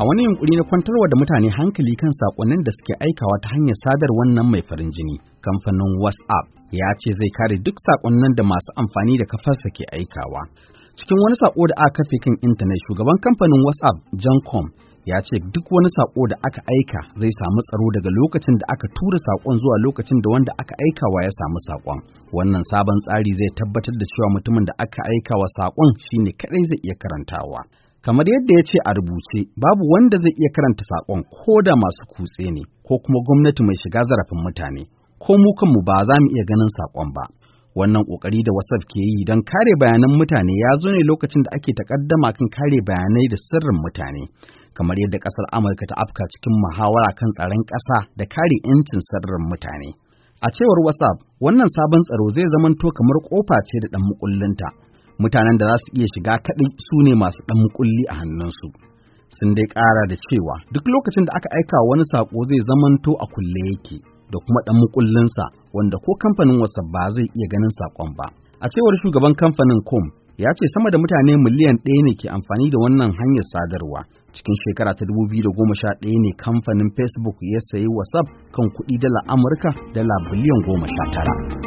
a wani yunkuri na kwantarwa da mutane hankali kan sakonnin da suke aikawa ta hanyar sadar wannan mai farin jini kamfanin whatsapp ya ce zai kare duk sakonnin da masu amfani da kafarsa ke aikawa cikin wani sako da aka kafe kan intanet shugaban kamfanin whatsapp john com ya ce duk wani sako da aka aika zai samu tsaro daga lokacin da aka tura sakon zuwa lokacin da wanda aka aikawa ya samu sakon wannan sabon tsari zai tabbatar da cewa mutumin da aka aikawa sakon shine kadai zai iya karantawa Kamar yadda ya ce a rubuce, babu wanda zai iya karanta saƙon ko da masu kutse ne ko kuma gwamnati mai shiga zarafin mutane, ko mu kanmu ba za mu iya ganin saƙon ba. Wannan ƙoƙari da WhatsApp ke yi don kare bayanan mutane ya zo ne lokacin da ake takaddama kan kare bayanai da sirrin mutane, kamar yadda ƙasar Amurka ta afka cikin muhawara kan tsaron ƙasa da kare 'yancin sirrin mutane. A cewar wasaf wannan sabon tsaro zai zamanto kamar ƙofa ce da ɗan mukullinta. mutanen da za su iya shiga kaɗai su ne masu ɗan mukulli a hannunsu. Sun dai ƙara da cewa duk lokacin da aka aika wani saƙo zai zamanto a kulle yake da kuma ɗan mukullinsa wanda ko kamfanin wasa ba zai iya ganin saƙon ba. A cewar shugaban kamfanin Com ya ce sama da mutane miliyan ɗaya ne ke amfani da wannan hanyar sadarwa. Cikin shekara ta dubu biyu da goma sha ɗaya ne kamfanin Facebook ya sayi WhatsApp kan kuɗi dala Amurka dala biliyan goma sha tara.